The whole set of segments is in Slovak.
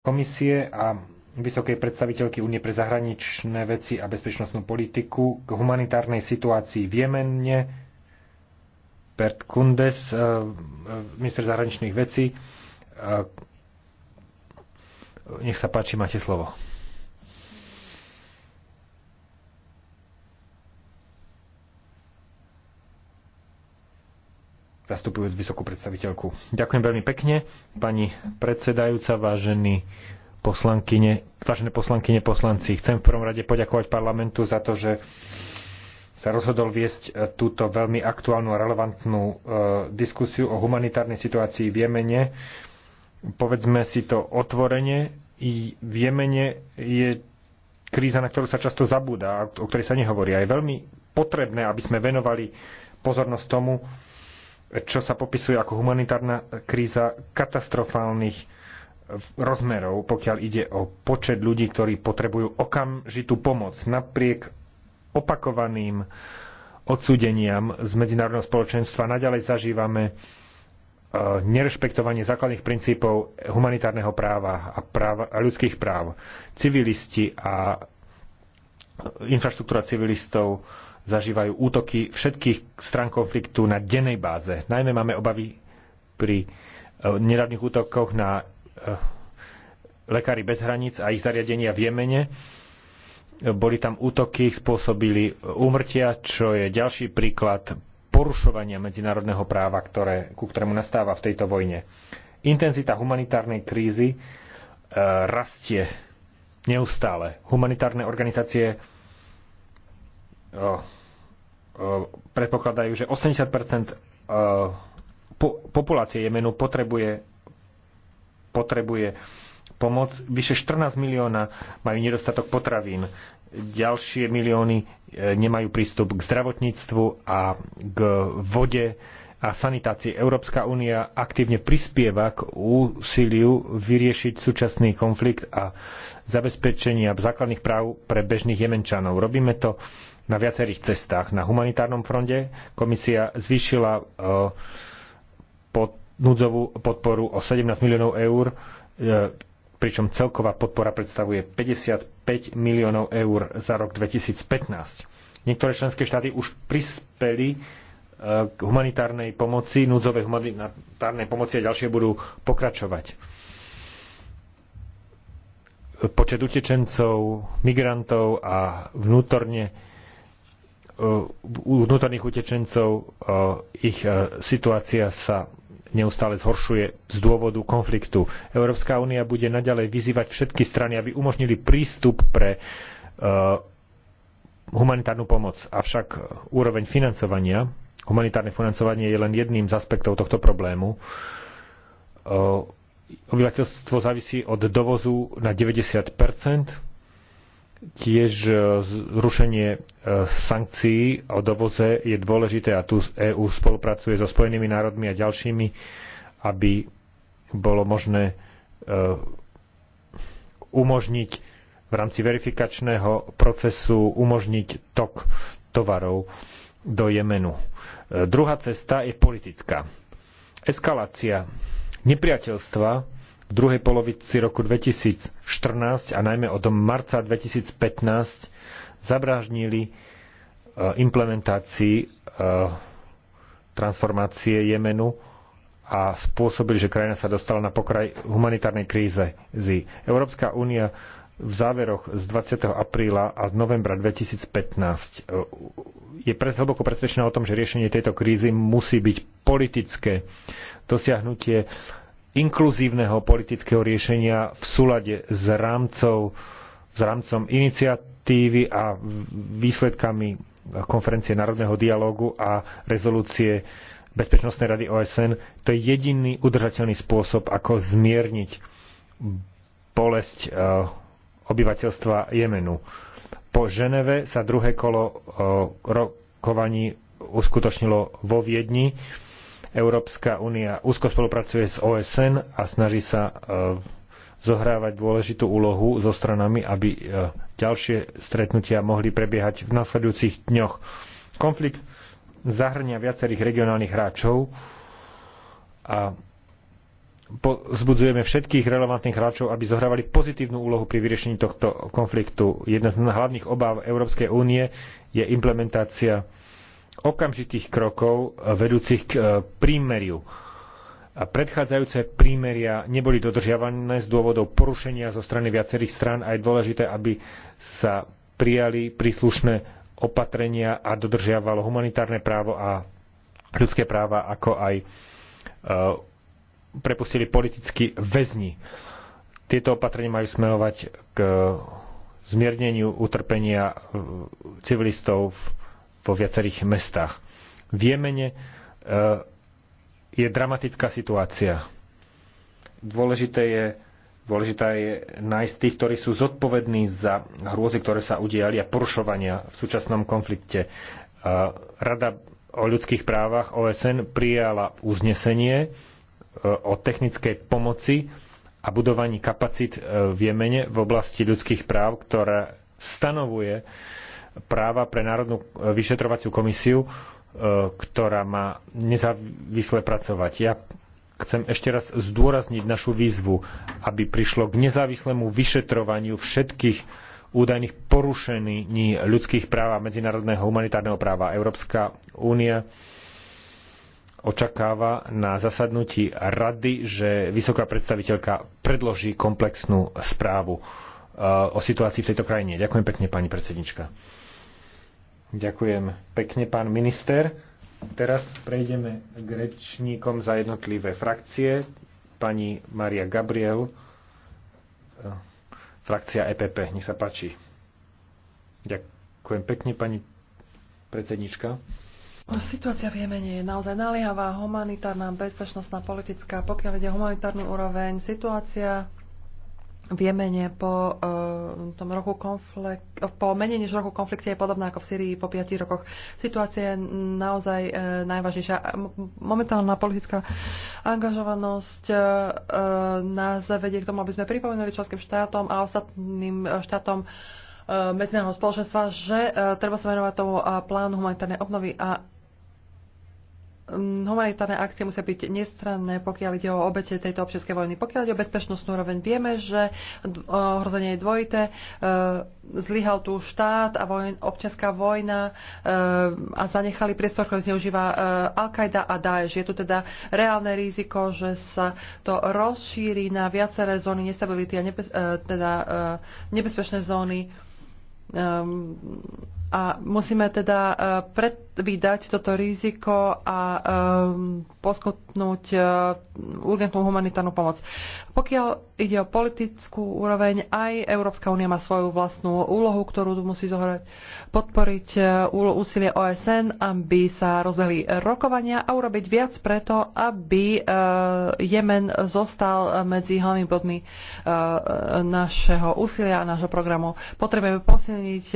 komisie a vysokej predstaviteľky Únie pre zahraničné veci a bezpečnostnú politiku k humanitárnej situácii v Jemene, Bert Kundes, e, e, minister zahraničných vecí. E, nech sa páči, máte slovo. zastupujúc vysokú predstaviteľku. Ďakujem veľmi pekne, pani predsedajúca, vážení poslankyne, vážené poslankyne, poslanci. Chcem v prvom rade poďakovať parlamentu za to, že sa rozhodol viesť e, túto veľmi aktuálnu a relevantnú e, diskusiu o humanitárnej situácii v Jemene. Povedzme si to otvorene. I v Jemene je kríza, na ktorú sa často zabúda, o ktorej sa nehovorí. A je veľmi potrebné, aby sme venovali pozornosť tomu, čo sa popisuje ako humanitárna kríza katastrofálnych rozmerov, pokiaľ ide o počet ľudí, ktorí potrebujú okamžitú pomoc napriek opakovaným odsúdeniam z medzinárodného spoločenstva. Naďalej zažívame e, nerešpektovanie základných princípov humanitárneho práva a, práva, a ľudských práv. Civilisti a infraštruktúra civilistov zažívajú útoky všetkých strán konfliktu na dennej báze. Najmä máme obavy pri e, neradných útokoch na e, lekári bez hraníc a ich zariadenia v Jemene. Boli tam útoky, spôsobili úmrtia, čo je ďalší príklad porušovania medzinárodného práva, ktoré, ku ktorému nastáva v tejto vojne. Intenzita humanitárnej krízy e, rastie neustále. Humanitárne organizácie Eh, predpokladajú, že 80 eh, populácie Jemenu potrebuje, potrebuje pomoc. Vyše 14 milióna majú nedostatok potravín. Ďalšie milióny eh, nemajú prístup k zdravotníctvu a k vode a sanitácii. Európska únia aktívne prispieva k úsiliu vyriešiť súčasný konflikt a zabezpečenia základných práv pre bežných jemenčanov. Robíme to na viacerých cestách. Na humanitárnom fronte komisia zvýšila e, núdzovú podporu o 17 miliónov eur, e, pričom celková podpora predstavuje 55 miliónov eur za rok 2015. Niektoré členské štáty už prispeli e, k humanitárnej pomoci, núdzovej humanitárnej pomoci a ďalšie budú pokračovať. Počet utečencov, migrantov a vnútorne vnútorných utečencov e, ich e, situácia sa neustále zhoršuje z dôvodu konfliktu. Európska únia bude naďalej vyzývať všetky strany, aby umožnili prístup pre e, humanitárnu pomoc. Avšak úroveň financovania, humanitárne financovanie je len jedným z aspektov tohto problému. Obyvateľstvo závisí od dovozu na 90 Tiež e, zrušenie e, sankcií o dovoze je dôležité a tu EÚ spolupracuje so Spojenými národmi a ďalšími, aby bolo možné e, umožniť v rámci verifikačného procesu umožniť tok tovarov do Jemenu. Druhá cesta je politická. Eskalácia nepriateľstva v druhej polovici roku 2014 a najmä od marca 2015 zabráždnili eh, implementácii eh, transformácie Jemenu a spôsobili, že krajina sa dostala na pokraj humanitárnej kríze. Európska únia v záveroch z 20. apríla a z novembra 2015 eh, je pres, hlboko presvedčená o tom, že riešenie tejto krízy musí byť politické. Dosiahnutie inkluzívneho politického riešenia v súlade s, rámcov, s rámcom iniciatívy a výsledkami konferencie národného dialógu a rezolúcie Bezpečnostnej rady OSN. To je jediný udržateľný spôsob, ako zmierniť bolesť eh, obyvateľstva Jemenu. Po Ženeve sa druhé kolo eh, rokovaní uskutočnilo vo Viedni Európska únia úzko spolupracuje s OSN a snaží sa e, zohrávať dôležitú úlohu so stranami, aby e, ďalšie stretnutia mohli prebiehať v nasledujúcich dňoch. Konflikt zahŕňa viacerých regionálnych hráčov a zbudzujeme všetkých relevantných hráčov, aby zohrávali pozitívnu úlohu pri vyriešení tohto konfliktu. Jedna z hlavných obáv Európskej únie je implementácia okamžitých krokov e, vedúcich k e, prímeriu. A predchádzajúce prímeria neboli dodržiavané z dôvodov porušenia zo strany viacerých strán a je dôležité, aby sa prijali príslušné opatrenia a dodržiavalo humanitárne právo a ľudské práva, ako aj e, prepustili politicky väzni. Tieto opatrenia majú smerovať k zmierneniu utrpenia civilistov v vo viacerých mestách. V Jemene e, je dramatická situácia. Dôležité je, dôležité je nájsť tých, ktorí sú zodpovední za hrôzy, ktoré sa udiali a porušovania v súčasnom konflikte. E, Rada o ľudských právach OSN prijala uznesenie e, o technickej pomoci a budovaní kapacít v Jemene v oblasti ľudských práv, ktorá stanovuje práva pre Národnú e, vyšetrovaciu komisiu, e, ktorá má nezávisle pracovať. Ja chcem ešte raz zdôrazniť našu výzvu, aby prišlo k nezávislému vyšetrovaniu všetkých údajných porušení ľudských práv a medzinárodného humanitárneho práva. Európska únia očakáva na zasadnutí rady, že vysoká predstaviteľka predloží komplexnú správu e, o situácii v tejto krajine. Ďakujem pekne, pani predsednička. Ďakujem pekne, pán minister. Teraz prejdeme k rečníkom za jednotlivé frakcie. Pani Maria Gabriel, eh, frakcia EPP. Nech sa páči. Ďakujem pekne, pani predsednička. Situácia v Jemene je naozaj naliehavá, humanitárna, bezpečnostná, politická. Pokiaľ ide o humanitárnu úroveň, situácia v Jemene po, uh, tom roku konflikt, po menej než roku konflikte je podobná ako v Syrii po 5 rokoch. Situácia je naozaj uh, najvážnejšia. Momentálna politická angažovanosť uh, nás vedie k tomu, aby sme pripomenuli členským štátom a ostatným štátom uh, medzinárodného spoločenstva, že uh, treba sa venovať tomu uh, plánu humanitárnej obnovy a Ehm, humanitárne akcie musia byť nestranné, pokiaľ ide o obete tejto občianskej vojny. Pokiaľ ide o bezpečnostnú úroveň, vieme, že hrozenie je dvojité. Ehm, zlyhal tu štát a vojn, občianská vojna ehm, a zanechali priestor, ktorý zneužíva Al-Qaida a Daesh. Je tu teda reálne riziko, že sa to rozšíri na viaceré zóny nestability a nebez, teda nebezpečné zóny. A musíme teda pred vydať toto riziko a um, poskytnúť uh, urgentnú humanitárnu pomoc. Pokiaľ ide o politickú úroveň, aj Európska únia má svoju vlastnú úlohu, ktorú musí zohrať, podporiť uh, úsilie OSN, aby sa rozbehli rokovania a urobiť viac preto, aby uh, Jemen zostal medzi hlavnými bodmi uh, našeho úsilia a nášho programu. Potrebujeme posilniť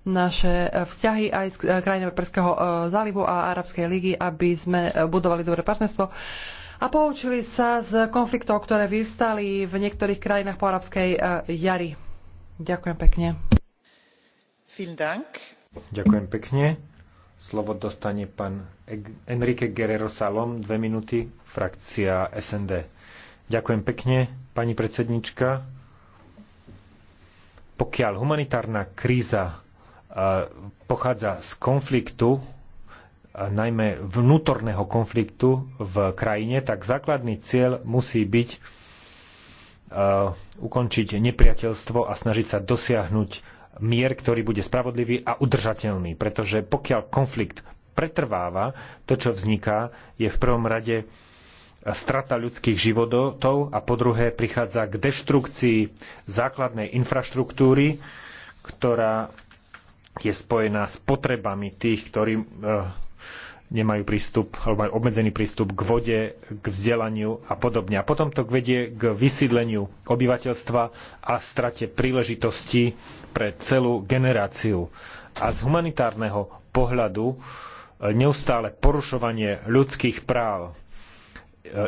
naše vzťahy aj s krajinami Perského E, zálivu a Arabskej ligy, aby sme e, budovali dobré partnerstvo a poučili sa z konfliktov, ktoré vyvstali v niektorých krajinách po arabskej e, jari. Ďakujem pekne. Ďakujem pekne. Slovo dostane pán Enrique Guerrero Salom, dve minúty, frakcia SND. Ďakujem pekne, pani predsednička. Pokiaľ humanitárna kríza pochádza z konfliktu, najmä vnútorného konfliktu v krajine, tak základný cieľ musí byť ukončiť nepriateľstvo a snažiť sa dosiahnuť mier, ktorý bude spravodlivý a udržateľný. Pretože pokiaľ konflikt pretrváva, to, čo vzniká, je v prvom rade strata ľudských životov a po druhé prichádza k deštrukcii základnej infraštruktúry, ktorá je spojená s potrebami tých, ktorí e, nemajú prístup alebo majú obmedzený prístup k vode, k vzdelaniu a podobne. A potom to vedie k vysídleniu obyvateľstva a strate príležitosti pre celú generáciu. A z humanitárneho pohľadu e, neustále porušovanie ľudských práv, e,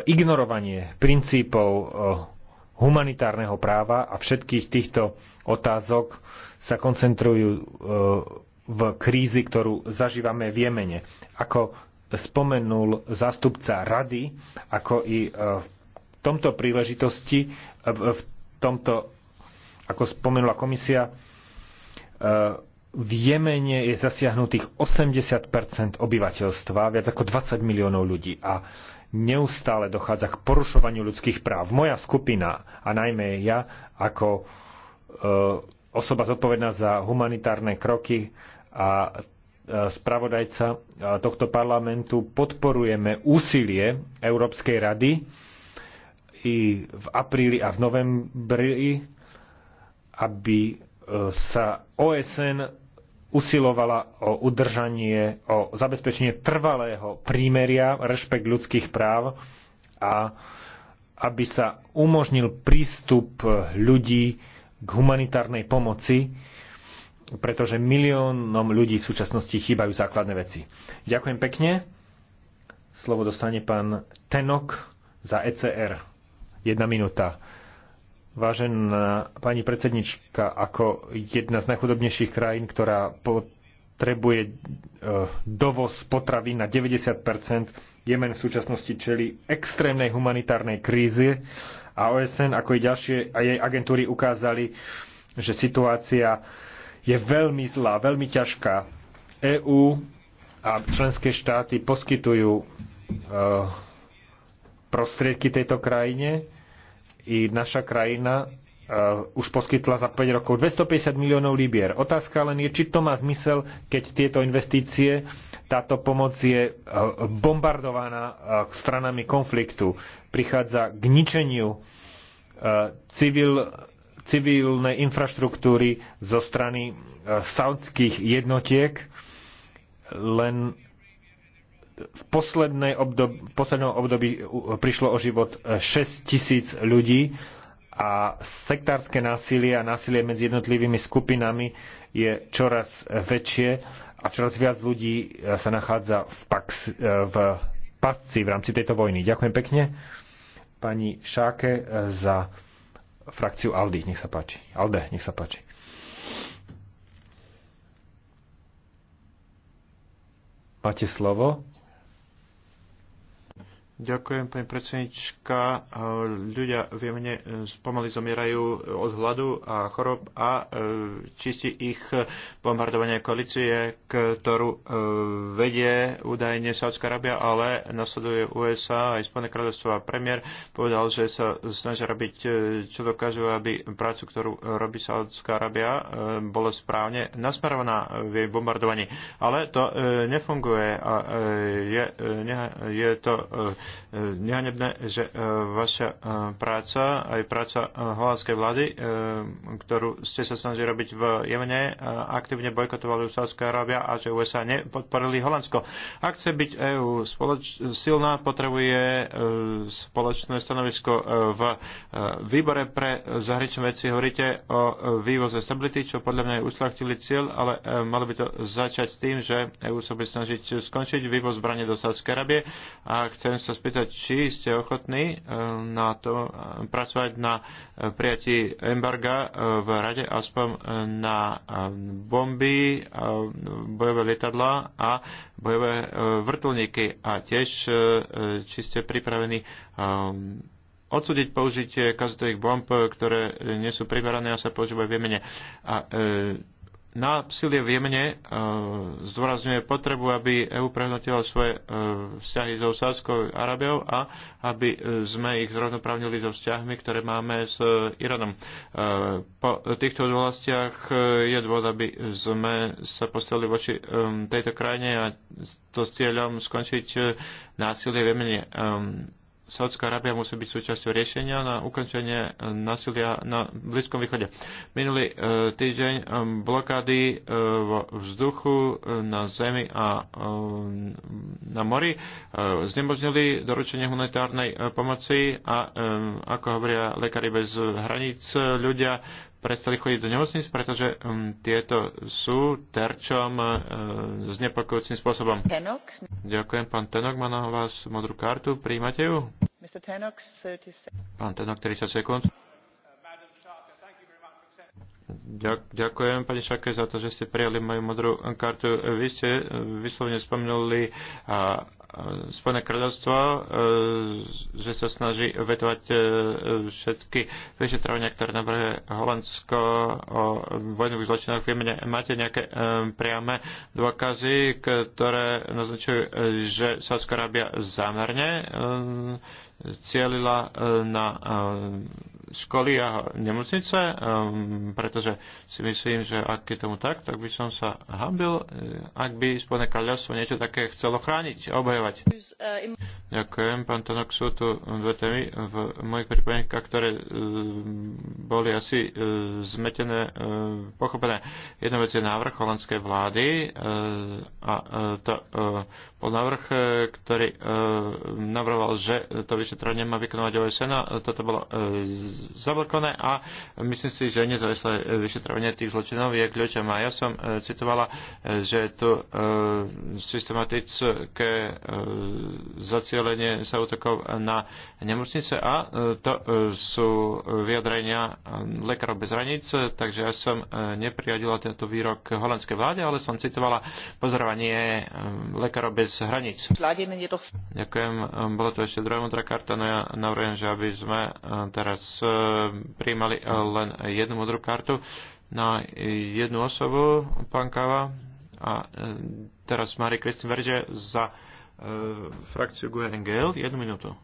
ignorovanie princípov humanitárneho práva a všetkých týchto otázok sa koncentrujú e, v krízi, ktorú zažívame v Jemene. Ako spomenul zástupca rady, ako i e, v tomto príležitosti, e, v tomto, ako spomenula komisia, v Jemene je zasiahnutých 80 obyvateľstva, viac ako 20 miliónov ľudí. A neustále dochádza k porušovaniu ľudských práv. Moja skupina a najmä ja ako e, osoba zodpovedná za humanitárne kroky a e, spravodajca e, tohto parlamentu podporujeme úsilie Európskej rady i v apríli a v novembri, aby sa OSN usilovala o udržanie, o zabezpečenie trvalého prímeria, rešpekt ľudských práv a aby sa umožnil prístup ľudí k humanitárnej pomoci, pretože miliónom ľudí v súčasnosti chýbajú základné veci. Ďakujem pekne. Slovo dostane pán Tenok za ECR. Jedna minúta. Vážená pani predsednička, ako jedna z najchudobnejších krajín, ktorá potrebuje e, dovoz potravy na 90 Jemen v súčasnosti čeli extrémnej humanitárnej kríze a OSN ako i ďalšie a jej agentúry ukázali, že situácia je veľmi zlá, veľmi ťažká. EÚ a členské štáty poskytujú e, prostriedky tejto krajine, i naša krajina eh, už poskytla za 5 rokov 250 miliónov libier. Otázka len je, či to má zmysel, keď tieto investície, táto pomoc je eh, bombardovaná k eh, stranami konfliktu. Prichádza k ničeniu civil, civilnej infraštruktúry zo strany saudských jednotiek, len v, poslednej obdob, v poslednom období prišlo o život 6 e, tisíc ľudí a sektárske násilie a násilie medzi jednotlivými skupinami je čoraz väčšie a čoraz viac ľudí e, sa nachádza v, pax, e, v pasci v rámci tejto vojny. Ďakujem pekne pani Šáke za frakciu Aldi. Nech sa páči. Alde, nech sa páči. Máte slovo. Ďakujem, pani predsednička. Ľudia v eh, pomaly zomierajú od hladu a chorob a eh, čistí ich bombardovanie koalície, ktorú eh, vedie údajne Sádzka Arábia, ale nasleduje USA aj Spojené kráľovstvo a premiér povedal, že sa snažia robiť, čo dokážu, aby prácu, ktorú robí Sádzka Arábia, bola správne nasmerovaná v jej bombardovaní. Ale to nefunguje a je, je to nehanebné, že e, vaša e, práca, aj práca e, holandskej vlády, ktorú ste sa snažili robiť v Jemene, aktívne bojkotovali Sávská Arábia a že USA nepodporili Holandsko. Ak chce byť spoloč- silná, potrebuje spoločné stanovisko v výbore pre zahraničné veci. Hovoríte o vývoze stability, čo podľa mňa je uslachtili cieľ, ale malo by to začať s tým, že EU sa bude snažiť skončiť vývoz zbranie do Sávskej Arábie a chcem sa sa spýtať, či ste ochotní eh, na to eh, pracovať na eh, prijatí embarga v rade aspoň na bomby, bojové lietadla a bojové vrtulníky a tiež či ste pripravení odsúdiť použitie kazetových bomb, ktoré nie sú primerané a sa používajú v Jemene. A e, násilie v Jemene e, zdôrazňuje potrebu, aby EU prehnotila svoje e, vzťahy so Sádskou Arabiou a aby e, sme ich zrovnoprávnili so vzťahmi, ktoré máme s Iránom. Po týchto oblastiach je dôvod, aby sme sa postavili voči tejto krajine a to s cieľom skončiť násilie v Jemene Saudská Arábia musí byť súčasťou riešenia na ukončenie eh, násilia na Blízkom východe. Minulý eh, týždeň eh, blokády vo vzduchu, na zemi a na mori znemožnili doručenie humanitárnej pomoci a ako hovoria lekári bez hraníc, ľudia prestali chodiť do nemocnic, pretože um, tieto sú terčom uh, znepokojúcim spôsobom. Tenok. Ďakujem, pán Tenok, má na vás modrú kartu, príjmate ju? Mr. Tenok, 30 Pán Tenok, 30 sekúnd. Ďakujem, pani Šake, za to, že ste prijali moju modrú kartu. Vy ste uh, vyslovne spomenuli uh, Spojené kráľovstvo, e, že sa snaží vetovať e, všetky vyšetrovania, ktoré navrhuje Holandsko o vojnových zločinoch v Jemene. Máte nejaké e, priame dôkazy, ktoré naznačujú, že Sádzka Arábia zámerne cielila na školy a nemocnice, ehm, pretože si myslím, že ak je tomu tak, tak by som sa hambil, eh, ak by Spodné kráľovstvo niečo také chcelo chrániť, obhajovať. Ďakujem, pán Tonok, sú tu dve témy v mojich pripomienkach, ktoré eh, boli asi eh, zmetené, pochopené. Jedna vec je návrh holandskej vlády a to bol návrh, ktorý navrhoval, že to vyšetrenie má vykonávať OSN a toto bolo zablokované a myslím si, že nezávislé vyšetrovanie tých zločinov je kľúčom. A ja som e, citovala, e, že tu e, systematické zacielenie sa útokov na nemocnice a to sú vyjadrenia lekárov bez hraníc, takže ja som nepriadila tento výrok holandskej vláde, ale som citovala pozorovanie lekárov bez hraníc. Ďakujem. Bolo to ešte druhá modrá karta, no ja navrhujem, že aby sme teraz E, prijímali len jednu modrú kartu na jednu osobu, pán Kava. A e, teraz Mari Kristin Verže za e, frakciu GUNGL. Jednu minútu.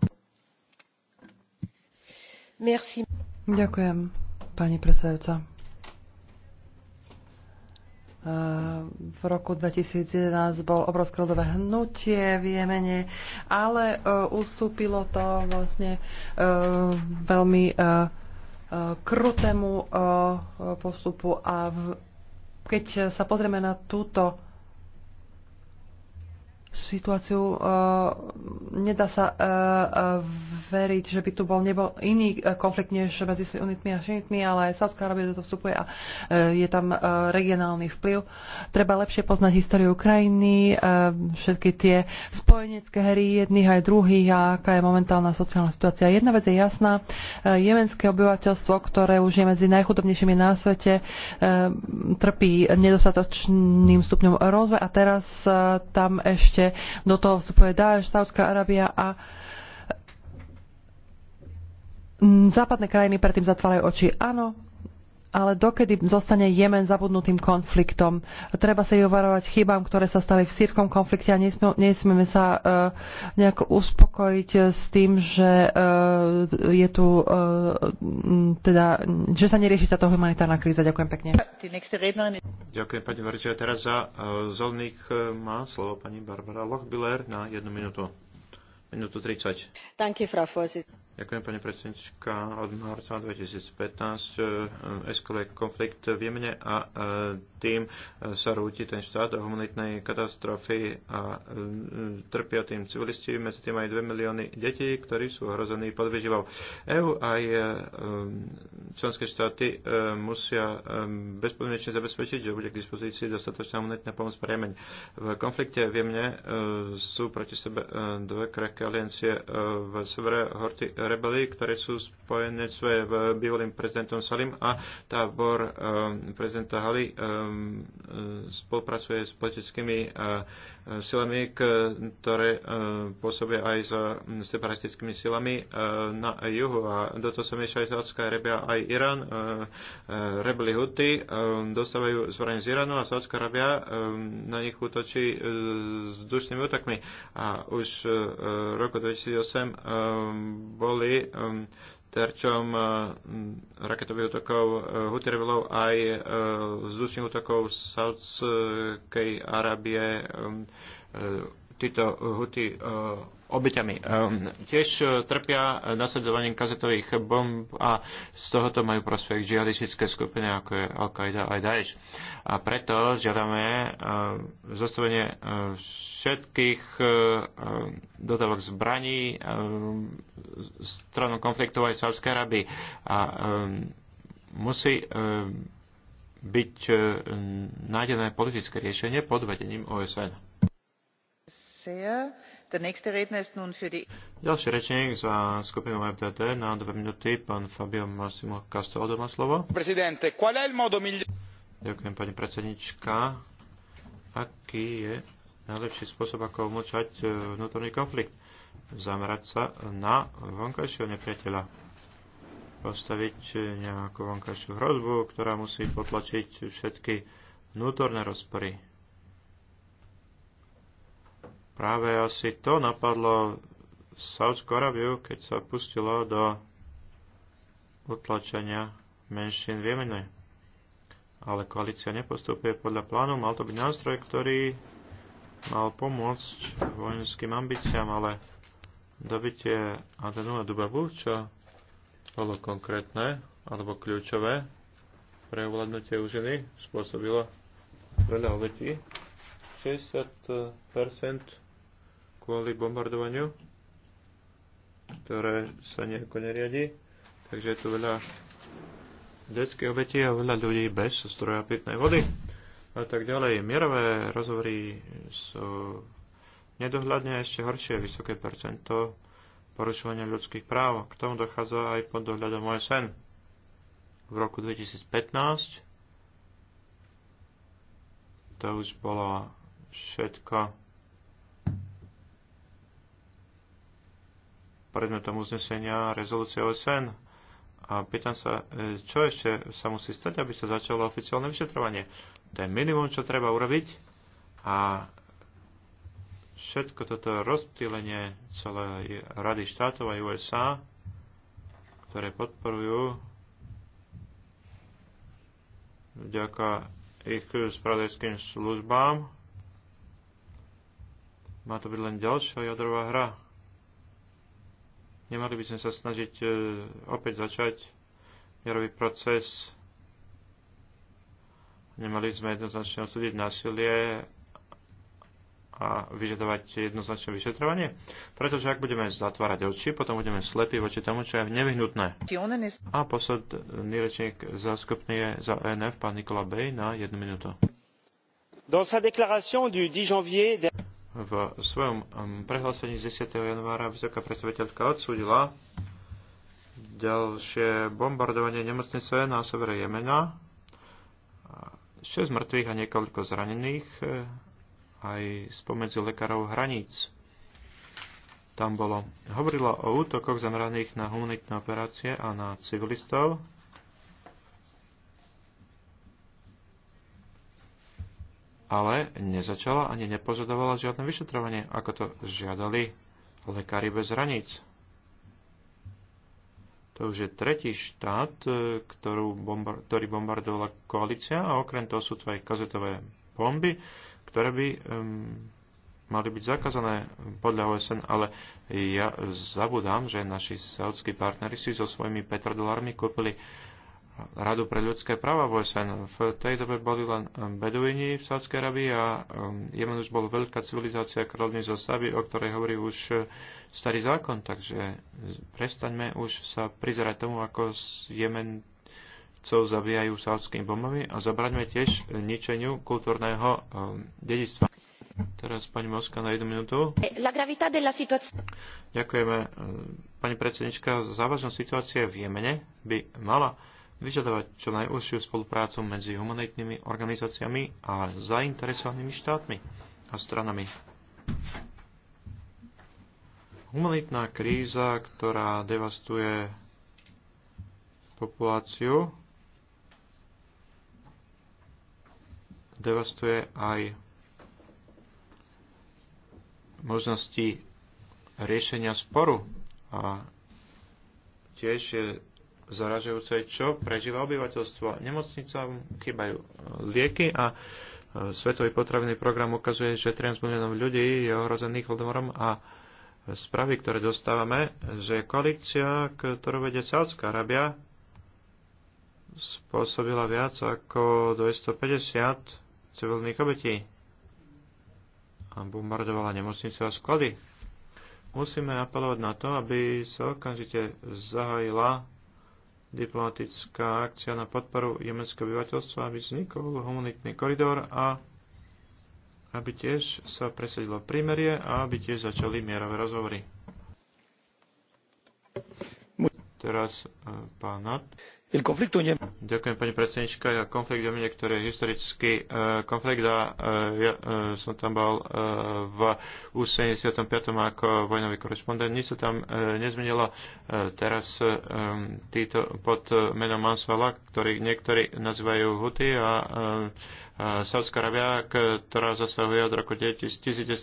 Merci. Ďakujem, pani predsedajúca. Eh, v roku 2011 bol obrovské ľudové hnutie v Jemene, ale eh, ustúpilo to vlastne eh, veľmi krutému postupu a keď sa pozrieme na túto situáciu. E, nedá sa e, e, veriť, že by tu bol nebol iný konflikt než medzi unitmi a šinitmi, ale aj Sávská Arábia do toho vstupuje a je tam regionálny vplyv. Treba lepšie poznať históriu krajiny, všetky tie spojenecké hry jedných aj druhých a aká je momentálna sociálna situácia. Jedna vec je jasná. Jemenské obyvateľstvo, ktoré už je medzi najchudobnejšími na svete, trpí nedostatočným stupňom rozvoja a teraz tam ešte do toho vstupuje Daesh, Saudská Arábia a západné krajiny predtým zatvárajú oči. Áno, ale dokedy zostane Jemen zabudnutým konfliktom. Treba sa varovať chybám, ktoré sa stali v sírskom konflikte a nesmieme, nesmieme sa uh, e, nejako uspokojiť s tým, že uh, je tu uh, teda, že sa nerieši táto humanitárna kríza. Ďakujem pekne. Ďakujem pani Varčia. Teraz za uh, zelných uh, má slovo pani Barbara Lochbiller na jednu minútu. Minútu 30. Frau Ďakujem, pani predsednička. Od marca 2015 eh, eskaluje konflikt v Jemene a eh, tým eh, sa rúti ten štát do humanitnej katastrofy a trpia tým civilisti, medzi tým aj 2 milióny detí, ktorí sú ohrození vyživou. EU aj členské štáty musia bezpodmienečne zabezpečiť, že bude k dispozícii dostatočná humanitná pomoc pre Jemen. V konflikte v Jemene sú proti sebe dve krehké aliancie v severe Horty rebeli, ktoré sú spojené s eh, bývalým prezidentom Salim a tábor um, prezidenta Hali um, spolupracuje s politickými uh, silami, ktoré uh, pôsobia aj s uh, separatistickými silami uh, na juhu. A do toho sa miešajú aj Sádzka Arabia, aj Irán. Uh, uh, rebeli Huty um, dostávajú zbraň z Iránu a Sádzka Arábia um, na nich útočí uh, s dušnými útokmi. A už uh, roku 2008 um, bol boli um, terčom uh, raketových útokov Huttervilov uh, aj uh, vzdušných útokov Saudskej Arábie. Um, e, títo Huty obeťami. Ehm, tiež e, trpia e, nasledovaním kazetových bomb a z tohoto majú prospech žihadistické skupiny ako je Al-Qaida a Daesh. A preto žiadame e, zostavenie všetkých dodávok zbraní stranu konfliktu aj Sávskej Arabii. A musí byť nájdené politické riešenie pod vedením OSN. Ďalší rečník za skupinu FDD na dve minúty, pán Fabio Massimo Castaldo má slovo. Ďakujem, pani predsednička. Aký je najlepší spôsob, ako umlčať e, vnútorný konflikt? Zamerať sa na vonkajšieho nepriateľa. Postaviť e, nejakú vonkajšiu hrozbu, ktorá musí potlačiť všetky vnútorné rozpory Práve asi to napadlo Saudskú Arabiu, keď sa pustilo do utlačenia menšín v Jemene. Ale koalícia nepostupuje podľa plánu, mal to byť nástroj, ktorý mal pomôcť vojenským ambíciám, ale dobitie Adenu a Dubabu, čo bolo konkrétne alebo kľúčové pre ovládnutie úžiny, spôsobilo veľa obetí. 60% kvôli bombardovaniu, ktoré sa nejako neriadi. Takže je tu veľa detské obetí a veľa ľudí bez stroja pitnej vody a tak ďalej. Mierové rozhovory sú nedohľadne ešte horšie vysoké percento porušovania ľudských práv. K tomu dochádza aj pod dohľadom OSN. V roku 2015 to už bolo všetko predmetom uznesenia rezolúcie OSN. A pýtam sa, e, čo ešte sa musí stať, aby sa začalo oficiálne vyšetrovanie. To je minimum, čo treba urobiť. A všetko toto rozptýlenie celej Rady štátov aj USA, ktoré podporujú vďaka ich spravodajským službám, má to byť len ďalšia jadrová hra. Nemali by sme sa snažiť e, opäť začať mierový proces. Nemali sme jednoznačne osúdiť násilie a vyžadovať jednoznačné vyšetrovanie? Pretože ak budeme zatvárať oči, potom budeme slepí voči tomu, čo je nevyhnutné. A posledný rečník za skupný je za ENF, pán Nikola Bej, na jednu minútu. Dans sa du 10 janvier v svojom prehlásení z 10. januára vysoká predstaviteľka odsúdila ďalšie bombardovanie nemocnice na severe Jemena. 6 mŕtvych a niekoľko zranených, e, aj spomedzi lekárov hraníc. Tam bolo. Hovorila o útokoch zameraných na humanitné operácie a na civilistov, ale nezačala ani nepožadovala žiadne vyšetrovanie, ako to žiadali lekári bez hraníc. To už je tretí štát, e, ktorú bombar- ktorý bombardovala koalícia a okrem toho sú tu aj kazetové bomby, ktoré by um, mali byť zakázané podľa OSN, ale ja zabudám, že naši saudskí partneri si so svojimi petrodolármi kúpili uh, Radu pre ľudské práva v OSN. V tej dobe boli len eh, Beduini v Sádskej Arabii a eh, Jemen už bol veľká civilizácia kráľovne zo Saby, o ktorej hovorí už eh, starý zákon, takže prestaňme už sa prizerať tomu, ako Jemencov zabíjajú sádskými bombami a zabraňme tiež ničeniu kultúrneho dedičstva. Teraz pani Moska na jednu minútu. Ďakujeme. Pani predsednička, závažnosť situácie v Jemene by mala vyžadovať čo najúžšiu spoluprácu medzi humanitnými organizáciami a zainteresovanými štátmi a stranami. Humanitná kríza, ktorá devastuje populáciu, devastuje aj možnosti riešenia sporu a tiež je zaražujúce, čo prežíva obyvateľstvo. Nemocnicám chýbajú e, lieky a e, Svetový potravinný program ukazuje, že 13 miliónov ľudí je ohrozených hladomorom a správy, ktoré dostávame, že koalícia, ktorú vedie Saudská Arábia, spôsobila viac ako 250 civilných obetí a bombardovala nemocnice a sklady. Musíme apelovať na to, aby sa okamžite zahájila diplomatická akcia na podporu jemenského obyvateľstva, aby vznikol humanitný koridor a aby tiež sa presadilo prímerie a aby tiež začali mierové rozhovory. Teraz eh, pán Nat. Ďakujem, pani predsednička. Ja konflikt v Jemene, ktorý je historický eh, konflikt a eh, ja eh, som tam bol v U75 ako vojnový korešpondent. Nič sa tam nezmenilo. Teraz títo pod menom Mansala, ktorý niektorí nazývajú Huty a Saudská Arábia, ktorá zasahuje od roku 1920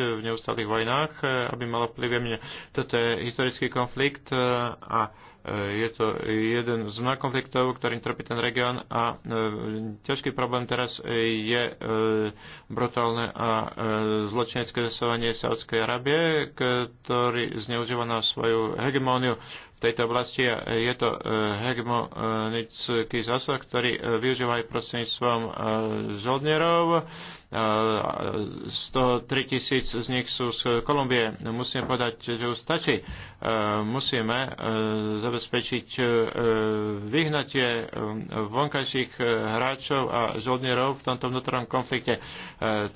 v neustálých vojnách, aby mala vplyv Jemene. Toto je historický konflikt a je to jeden z mnoha konfliktov, ktorým trpí ten región a e, ťažký problém teraz je e, brutálne a e, zločinecké zasovanie Saudskej Arábie, ktorý zneužíva na svoju hegemóniu tejto oblasti je to hegemonický zásah, ktorý využíva aj prostredníctvom žoldnerov, 103 tisíc z nich sú z Kolumbie. Musíme povedať, že už stačí. E, musíme e, zabezpečiť e, vyhnatie vonkajších hráčov a žoldnierov v tomto vnútornom konflikte.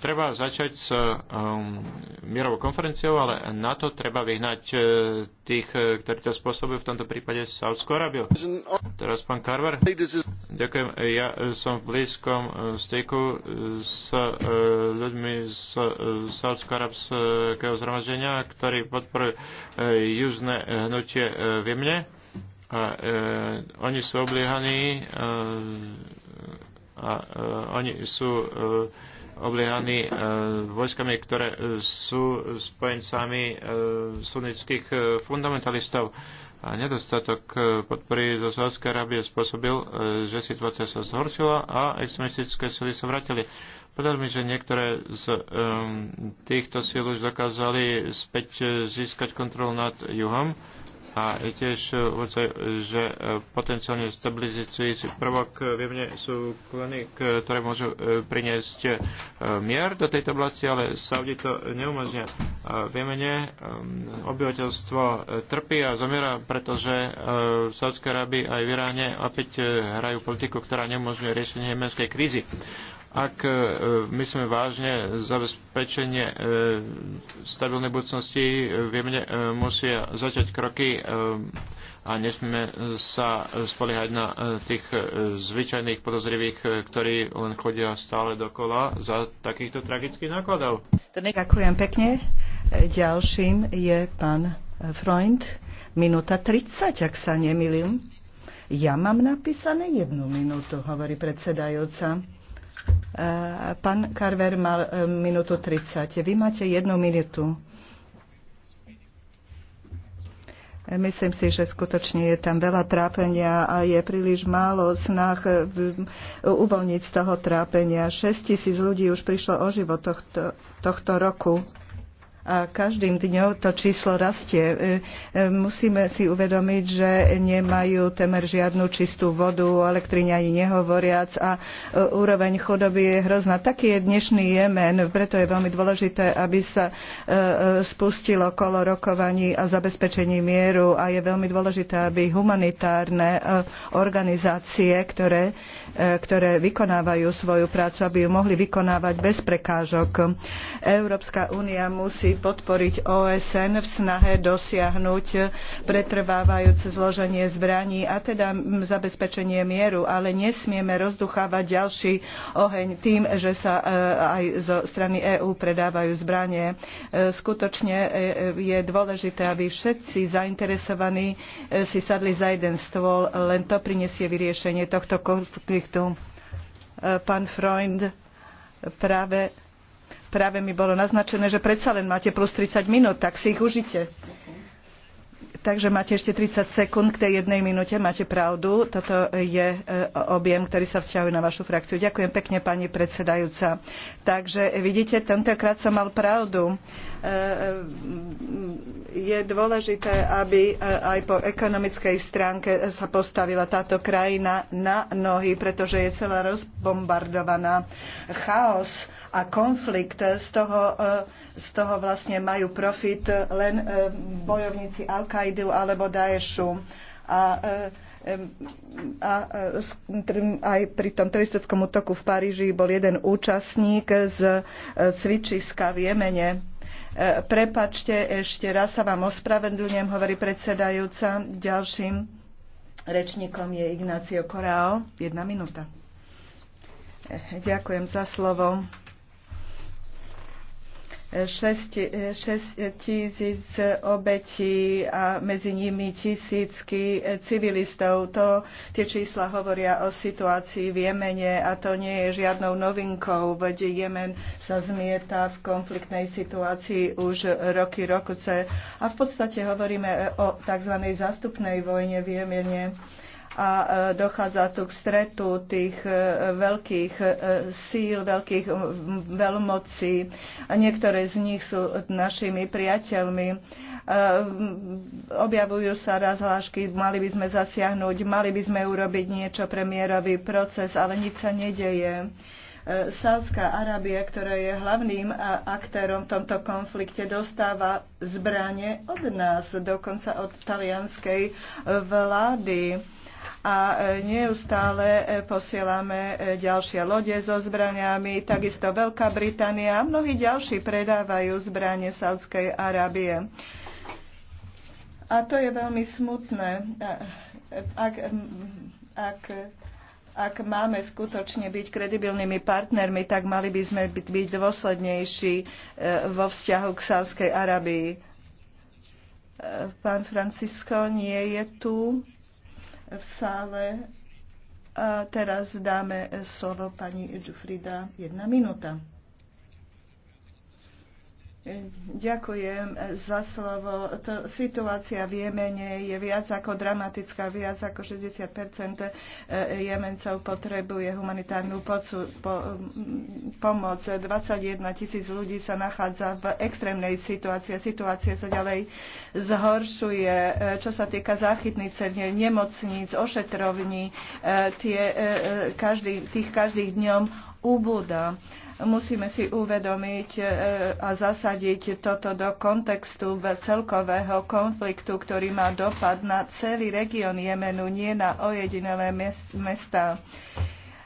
Treba začať s um, mierovou konferenciou, ale na to treba vyhnať tých, ktorí to spôsobujú, v tomto prípade Saudskú Arábiu. Teraz pán Carver. Ďakujem. Ja som v blízkom styku s E, ľuďmi z e, Saudsko-Arabského zhromaždenia, ktorí podporujú e, južné hnutie v Jemne. A, oni sú obliehaní a oni sú obliehaní vojskami, ktoré sú spojencami sunnických fundamentalistov. A nedostatok podpory zo Sádskej Arábie spôsobil, že situácia sa zhoršila a extremistické sily sa vrátili. Povedal mi, že niektoré z um, týchto síl už dokázali späť eh, získať kontrolu nad juhom a je tiež eh, eh, že potenciálne stabilizujúci prvok v jemne sú kleny, ktoré môžu priniesť mier do tejto oblasti, ale Saudi to neumožňuje. V Jemene obyvateľstvo trpí a zomiera, pretože v Saudskej Arabii aj v Iráne opäť hrajú politiku, ktorá neumožňuje riešenie jemenskej krízy ak e, my sme vážne zabezpečenie e, stabilnej budúcnosti v Jemene, musia začať kroky e, a nesmieme sa spoliehať na tých zvyčajných podozrivých, ktorí len chodia stále dokola za takýchto tragických nákladov. Ďakujem pekne. Ďalším je pán Freund. Minúta 30, ak sa nemýlim. Ja mám napísané jednu minútu, hovorí predsedajúca. Eh, pán Carver mal eh, minútu 30. Vy máte jednu minútu. Eh, myslím si, že skutočne je tam veľa trápenia a je príliš málo snah uvoľniť z toho trápenia. 6 tisíc ľudí už prišlo o život tohto, tohto roku a každým dňom to číslo rastie. E, e, musíme si uvedomiť, že nemajú temer žiadnu čistú vodu, o elektrine ani nehovoriac a e, úroveň chudoby je hrozná. Taký je dnešný Jemen, preto je veľmi dôležité, aby sa spustilo kolo rokovaní a zabezpečení mieru a je veľmi dôležité, aby humanitárne organizácie, ktoré E, ktoré vykonávajú svoju prácu, aby ju mohli vykonávať bez prekážok. Európska únia musí podporiť OSN v snahe dosiahnuť pretrvávajúce zloženie zbraní a teda zabezpečenie mieru, ale nesmieme rozduchávať ďalší oheň tým, že sa e, aj zo strany EÚ predávajú zbranie. E, skutočne je dôležité, aby všetci zainteresovaní si sadli za jeden stôl, len to prinesie vyriešenie tohto konfliktu konfliktu. E, pán Freund, práve, práve mi bolo naznačené, že predsa len máte plus 30 minút, tak si ich užite. Takže máte ešte 30 sekúnd k tej jednej minúte. Máte pravdu. Toto je e, objem, ktorý sa vzťahuje na vašu frakciu. Ďakujem pekne, pani predsedajúca. Takže e, vidíte, tentokrát som mal pravdu. E, je dôležité, aby aj po ekonomickej stránke sa postavila táto krajina na nohy, pretože je celá rozbombardovaná. Chaos a konflikt z toho, eh, z toho vlastne majú profit len eh, bojovníci Al-Kaidu alebo Daešu. A, eh, a aj pri tom teroristickom útoku v Paríži bol jeden účastník z cvičiska v Jemene. Prepačte, ešte raz sa vám ospravedlňujem, hovorí predsedajúca. Ďalším rečníkom je Ignacio Korao. Jedna minúta. Ďakujem za slovo. 6 tisíc obetí a medzi nimi tisícky civilistov. To, tie čísla hovoria o situácii v Jemene a to nie je žiadnou novinkou, veď Jemen sa zmieta v konfliktnej situácii už roky, rokuce a v podstate hovoríme o tzv. zastupnej vojne v Jemene a e, dochádza tu k stretu tých e, veľkých e, síl, veľkých veľmocí a niektoré z nich sú našimi priateľmi. Objavujú sa razhlášky, mali by sme zasiahnuť, mali by sme urobiť niečo pre mierový proces, ale nič sa nedeje. Sávská Arábia, ktorá je hlavným aktérom v tomto konflikte, dostáva zbranie od nás, dokonca od talianskej vlády a e, neustále e, posielame e, ďalšie lode so zbraniami. Takisto Veľká Británia a mnohí ďalší predávajú zbranie Saudskej Arábie. A to je veľmi smutné. Ak, ak, ak máme skutočne byť kredibilnými partnermi, tak mali by sme byť, byť dôslednejší vo vzťahu k Sávskej Arabii. Pán Francisco nie je tu v sále. A teraz dáme slovo pani Jufrida. Jedna minúta. Ďakujem za slovo. To, situácia v Jemene je viac ako dramatická. Viac ako 60 eh, Jemencov potrebuje humanitárnu pocu, po, mm, pomoc. 21 tisíc ľudí sa nachádza v extrémnej situácii. Situácia sa ďalej zhoršuje. Eh, čo sa týka záchytných cenier, nemocníc, ošetrovní, eh, tie, každý, tých každých dňom ubúda. Musíme si uvedomiť e, a zasadiť toto do kontextu celkového konfliktu, ktorý má dopad na celý región Jemenu, nie na ojedinelé mesta.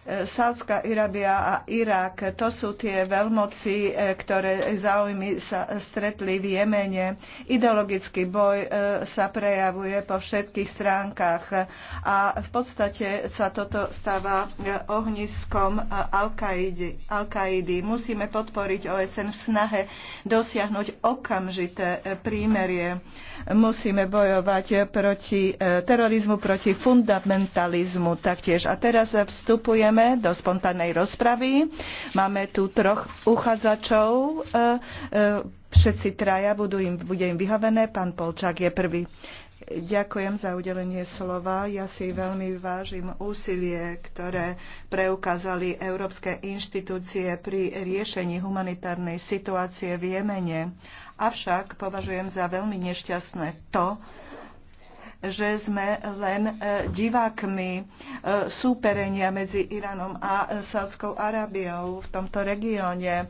Sávska Irábia a Irak, to sú tie veľmoci, e, ktoré záujmy sa stretli v Jemene. Ideologický boj e, sa prejavuje po všetkých stránkach a v podstate sa toto stáva e, ohniskom Al-Kaidy. Musíme podporiť OSN v snahe dosiahnuť okamžité prímerie. Musíme bojovať proti terorizmu, proti fundamentalizmu taktiež. A teraz vstupujem pustíme do spontánnej rozpravy. Máme tu troch uchádzačov. E, e, všetci traja budú im, bude im vyhavené. Pán Polčák je prvý. Ďakujem za udelenie slova. Ja si veľmi vážim úsilie, ktoré preukázali európske inštitúcie pri riešení humanitárnej situácie v Jemene. Avšak považujem za veľmi nešťastné to, že sme len e, divákmi e, súperenia medzi Iránom a e, Sádskou Arábiou v tomto regióne.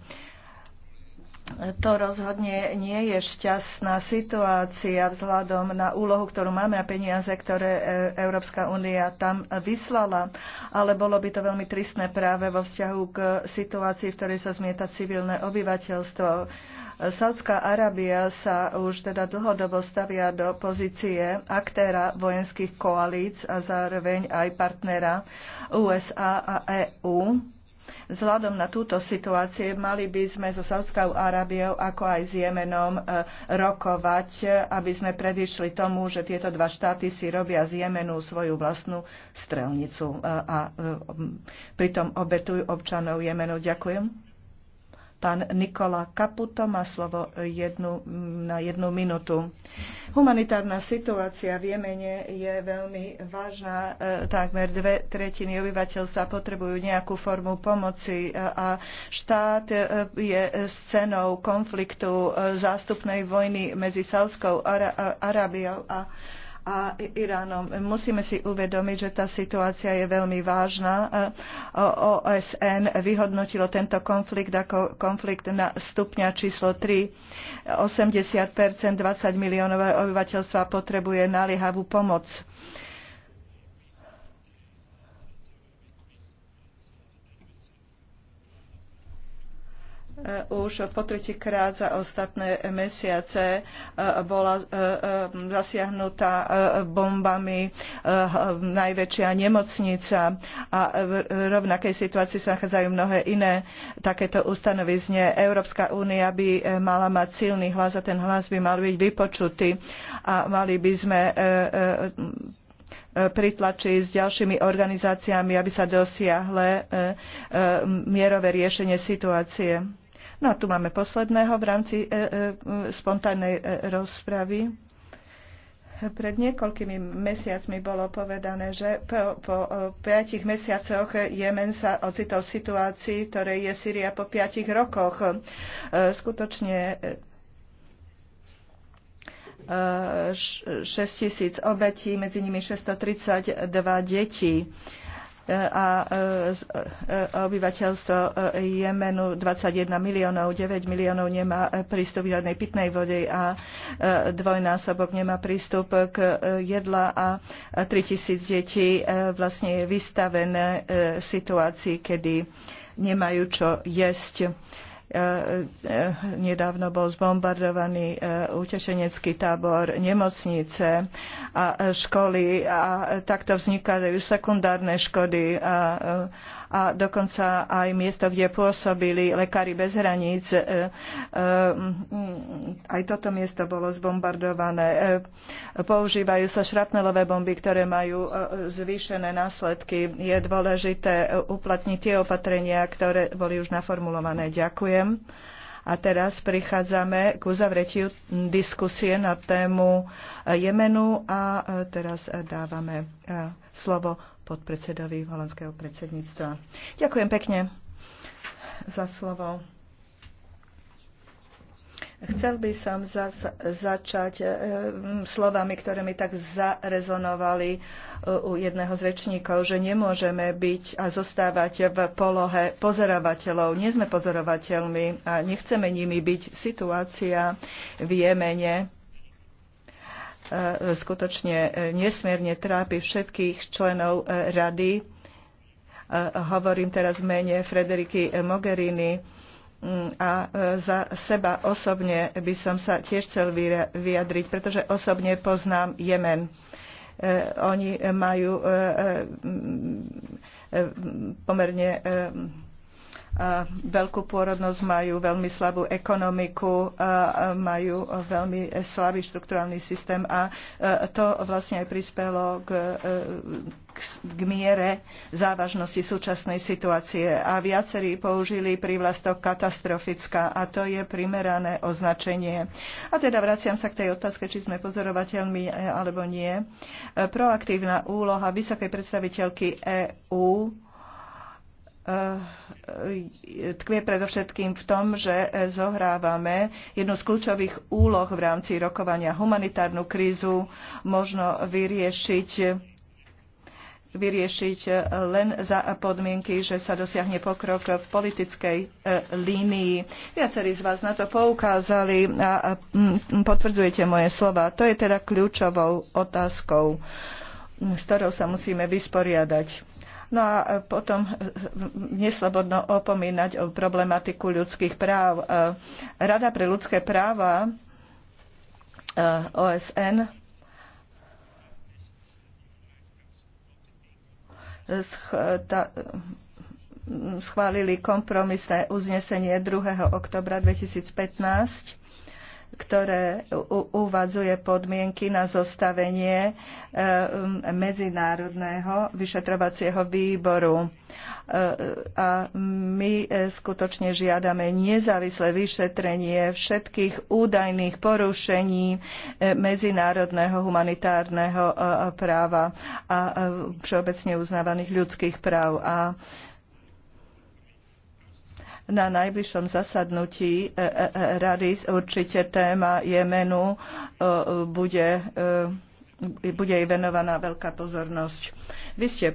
To rozhodne nie je šťastná situácia vzhľadom na úlohu, ktorú máme a peniaze, ktoré Európska únia tam vyslala, ale bolo by to veľmi tristné práve vo vzťahu k situácii, v ktorej sa zmieta civilné obyvateľstvo Sádzka Arábia sa už teda dlhodobo stavia do pozície aktéra vojenských koalíc a zároveň aj partnera USA a EÚ. Vzhľadom na túto situáciu mali by sme so Saudskou Arábiou ako aj s Jemenom e, rokovať, aby sme predišli tomu, že tieto dva štáty si robia z Jemenu svoju vlastnú strelnicu e, a e, pritom obetujú občanov Jemenu. Ďakujem. Pán Nikola Kaputo má slovo jednu, na jednu minútu. Humanitárna situácia v Jemene je veľmi vážna. E, Takmer dve tretiny obyvateľstva potrebujú nejakú formu pomoci e, a štát e, je scénou konfliktu zástupnej vojny medzi Sávskou Arábiou a a Iránom. Musíme si uvedomiť, že tá situácia je veľmi vážna. E, OSN vyhodnotilo tento konflikt ako konflikt na stupňa číslo 3. 80 20 miliónov obyvateľstva potrebuje naliehavú pomoc. E, už po tretíkrát za ostatné mesiace e, bola e, zasiahnutá bombami najväčšia nemocnica a v rovnakej situácii sa nachádzajú mnohé iné takéto ustanovizne. Európska únia by mala mať silný hlas a ten hlas by mal byť vypočutý a mali by sme pritlačiť s ďalšími organizáciami, aby sa dosiahle mierové riešenie situácie. No a tu máme posledného v rámci e, e, spontánnej e, rozpravy. Pred niekoľkými mesiacmi bolo povedané, že po, po e, piatich mesiacoch Jemen sa ocitol v situácii, ktorej je Syria po piatich rokoch. E, skutočne 6 e, tisíc obetí, medzi nimi 632 detí. E, e, a obyvateľstvo e, Jemenu 21 miliónov, 9 miliónov nemá prístup k žiadnej pitnej vode a dvojnásobok nemá prístup k jedla a 3000 detí vlastne je vystavené situácii, kedy nemajú čo jesť. Eh, eh, nedávno bol zbombardovaný eh, utečenecký tábor, nemocnice a školy a takto vznikajú sekundárne škody a, a dokonca aj miesto, kde pôsobili lekári bez hraníc. Aj toto miesto bolo zbombardované. Používajú sa šrapnelové bomby, ktoré majú zvýšené následky. Je dôležité uplatniť tie opatrenia, ktoré boli už naformulované. Ďakujem. Ďakujem. A teraz prichádzame k uzavretiu diskusie na tému eh, Jemenu a eh, teraz eh, dávame slovo podpredsedovi holandského predsedníctva. Ďakujem pekne za slovo. Chcel by som začať e, slovami, ktoré mi tak zarezonovali e, u jedného z rečníkov, že nemôžeme byť a zostávať v polohe pozorovateľov. Nie sme pozorovateľmi a nechceme nimi byť. Situácia v Jemene e, skutočne nesmierne trápi všetkých členov rady. Hovorím teraz v mene Frederiky Mogherini Mm, a e, za seba osobne by som sa tiež chcel vyjadriť, pretože osobne poznám Jemen. E, oni majú e, pomerne veľkú pôrodnosť, majú veľmi slabú ekonomiku, majú veľmi slabý štruktúrálny systém a to vlastne aj prispelo k, e, k miere závažnosti súčasnej situácie. A viacerí použili prívlastok katastrofická a to je primerané označenie. A teda vraciam sa k tej otázke, či sme pozorovateľmi e, alebo nie. E, proaktívna úloha vysokej predstaviteľky EÚ Eh, tkvie predovšetkým v tom, že eh, zohrávame jednu z kľúčových úloh v rámci rokovania humanitárnu krízu možno vyriešiť vyriešiť eh, len za podmienky, že sa dosiahne pokrok v politickej línii. Viacerí z vás na to poukázali a mm, mm, potvrdzujete moje slova. To je teda kľúčovou otázkou, s ktorou sa musíme vysporiadať No a e, potom e, e, neslobodno opomínať o problematiku ľudských práv. Rada pre ľudské práva OSN schválili kompromisné uznesenie 2. oktobra 2015 ktoré uvazuje podmienky na zostavenie e, medzinárodného vyšetrovacieho výboru. E, a my e, skutočne žiadame nezávislé vyšetrenie všetkých údajných porušení medzinárodného humanitárneho práva a všeobecne uznávaných ľudských práv. A na najbližšom zasadnutí e, e, e, rady určite téma Jemenu bude bude jej venovaná veľká pozornosť. Vy ste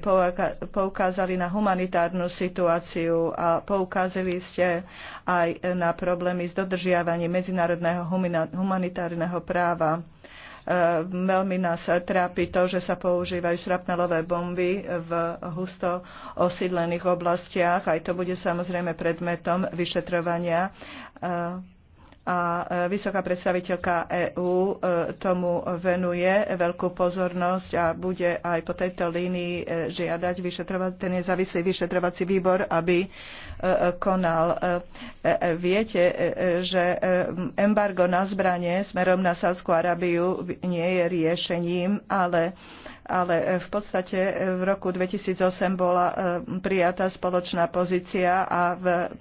poukázali na humanitárnu situáciu a poukázali ste aj na problémy s dodržiavaním medzinárodného humanitárneho práva. Ehm, veľmi nás trápi to, že sa používajú šrapnelové bomby v husto osídlených oblastiach. Aj to bude samozrejme predmetom vyšetrovania ehm, a e, vysoká predstaviteľka EÚ e, tomu venuje veľkú pozornosť a bude aj po tejto línii e, žiadať ten nezávislý vyšetrovací výbor, aby konal. Viete, že embargo na zbranie smerom na Sádskú Arabiu nie je riešením, ale ale v podstate v roku 2008 bola prijatá spoločná pozícia a v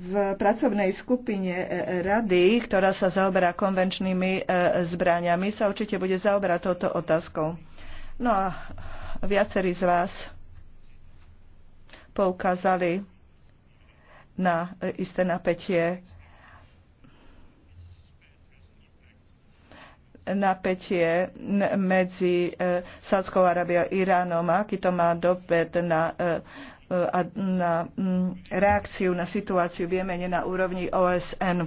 v pracovnej skupine e, e, rady, ktorá sa zaoberá konvenčnými e, zbraniami, sa určite bude zaoberať touto otázkou. No a viacerí z vás poukázali na isté napätie napätie medzi Sádskou Arábiou a Iránom, aký to má dopad na a na mm, reakciu na situáciu v Jemene na úrovni OSN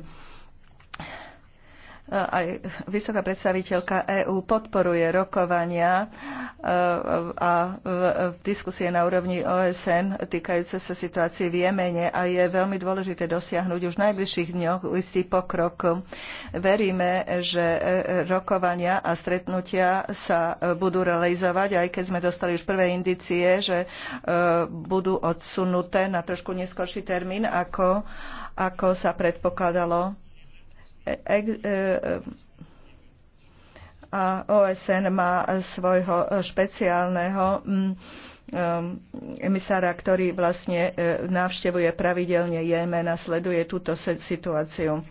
aj vysoká predstaviteľka EÚ podporuje rokovania e, a diskusie na úrovni OSN týkajúce sa situácie v Jemene a je veľmi dôležité dosiahnuť už v najbližších dňoch istý pokrok. Veríme, že rokovania a stretnutia sa budú realizovať, aj keď sme dostali už prvé indicie, že e, budú odsunuté na trošku neskorší termín, ako, ako sa predpokladalo E, e, a OSN má svojho špeciálneho mm, e, emisára, ktorý vlastne navštevuje pravidelne Jemen a sleduje túto situáciu.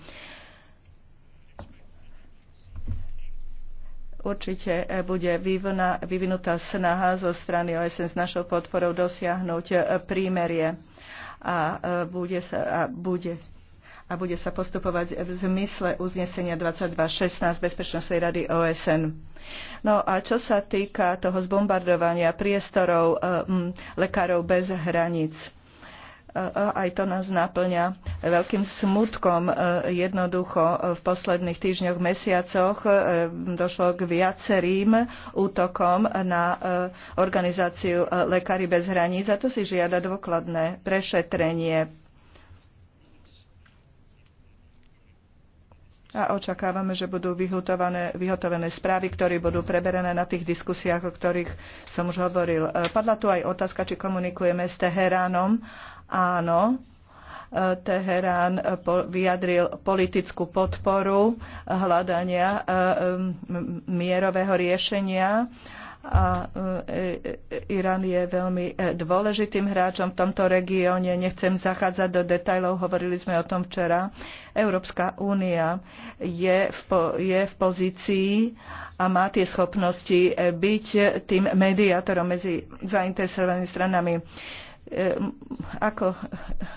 určite bude vyvinutá snaha zo strany OSN s našou podporou dosiahnuť prímerie a bude, sa, a bude a bude sa postupovať v zmysle uznesenia 2216 Bezpečnostnej rady OSN. No a čo sa týka toho zbombardovania priestorov eh, lekárov bez hraníc, eh, eh, aj to nás naplňa veľkým smutkom. Jednoducho v posledných týždňoch, mesiacoch došlo k viacerým útokom na organizáciu Lekári bez hraníc a to si žiada dôkladné prešetrenie a očakávame, že budú vyhotovené, vyhotovené správy, ktoré budú preberené na tých diskusiách, o ktorých som už hovoril. Padla tu aj otázka, či komunikujeme s Teheránom. Áno, Teherán vyjadril politickú podporu hľadania mierového riešenia a e, e, e, Irán je veľmi dôležitým hráčom v tomto regióne. Nechcem zachádzať do detajlov, hovorili sme o tom včera. Európska únia je v, je v pozícii a má tie schopnosti byť tým mediátorom medzi zainteresovanými stranami ako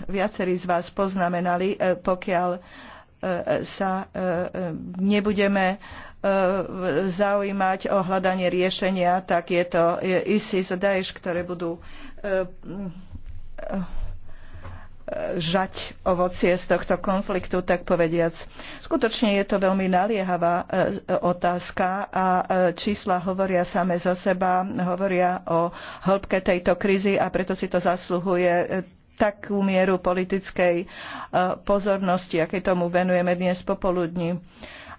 viacerí z vás poznamenali, pokiaľ sa nebudeme E, zaujímať o hľadanie riešenia, tak je to e, ISIS a Daesh, ktoré budú e, žať ovocie z tohto konfliktu, tak povediac. Skutočne je to veľmi naliehavá otázka a čísla hovoria same za seba, hovoria o hĺbke tejto krízy a preto si to zasluhuje takú mieru politickej pozornosti, aké tomu venujeme dnes popoludní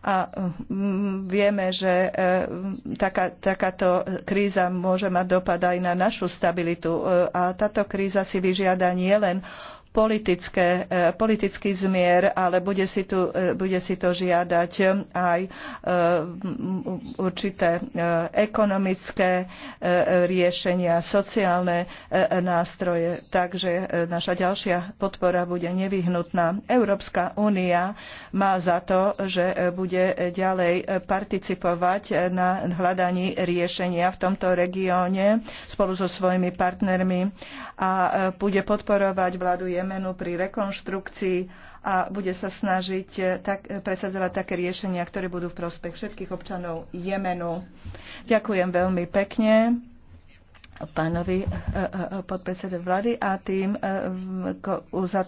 a mm, vieme, že e, taká, takáto kríza môže mať dopad aj na našu stabilitu e, a táto kríza si vyžiada nielen politické, e, politický zmier, ale bude si, tu, e, bude si to žiadať aj e, určité ekonomické riešenia, sociálne nástroje. Takže naša ďalšia podpora bude nevyhnutná. Európska únia má za to, že bude ďalej participovať na hľadaní riešenia v tomto regióne spolu so svojimi partnermi a bude podporovať vládu Jemen Jemenu pri rekonštrukcii a bude sa snažiť eh, tak, eh, presadzovať také riešenia, ktoré budú v prospech všetkých občanov Jemenu. Ďakujem veľmi pekne pánovi eh, podpredsedovi vlády a tým